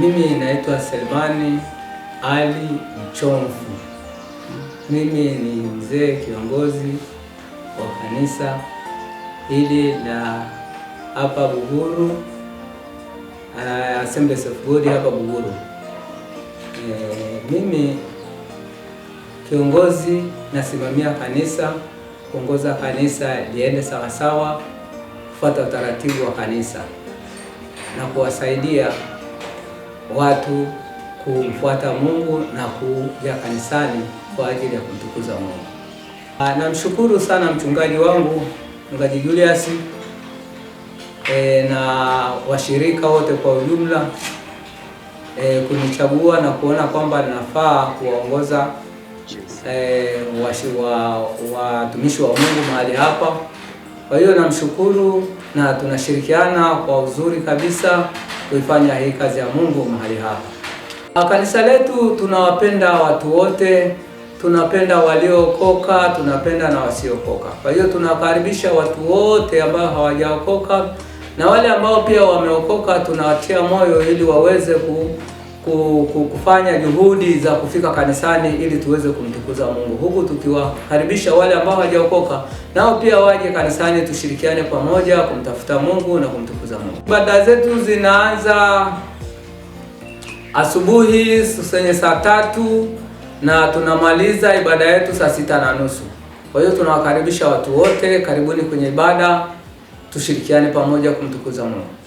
mimi naitwa Selemani Ali Mchomvu. Mimi ni mzee kiongozi wa kanisa hili la hapa Buguru, uh, Assemblies of God hapa Buguru. Eh, mimi kiongozi nasimamia kanisa, kuongoza kanisa liende sawasawa, kufuata utaratibu wa kanisa na kuwasaidia watu kumfuata Mungu na kuja kanisani kwa ajili ya kumtukuza Mungu. Ah, namshukuru sana mchungaji wangu mchungaji Julius e, na washirika wote kwa ujumla e, kunichagua na kuona kwamba ninafaa kuwaongoza e, watumishi wa, wa Mungu mahali hapa. Kwa hiyo namshukuru na tunashirikiana kwa uzuri kabisa kuifanya hii kazi ya Mungu mahali hapa. Kanisa letu tunawapenda watu wote, tunapenda waliookoka, tunapenda na wasiokoka. Kwa hiyo tunawakaribisha watu wote ambao hawajaokoka na wale ambao pia wameokoka, tunawatia moyo ili waweze ku kufanya juhudi za kufika kanisani ili tuweze kumtukuza Mungu, huku tukiwakaribisha wale ambao hawajaokoka nao pia waje kanisani, tushirikiane pamoja kumtafuta Mungu na kumtukuza Mungu. Ibada zetu zinaanza asubuhi zenye saa tatu na tunamaliza ibada yetu saa sita na nusu. Kwa hiyo tunawakaribisha watu wote, karibuni kwenye ibada, tushirikiane pamoja kumtukuza Mungu.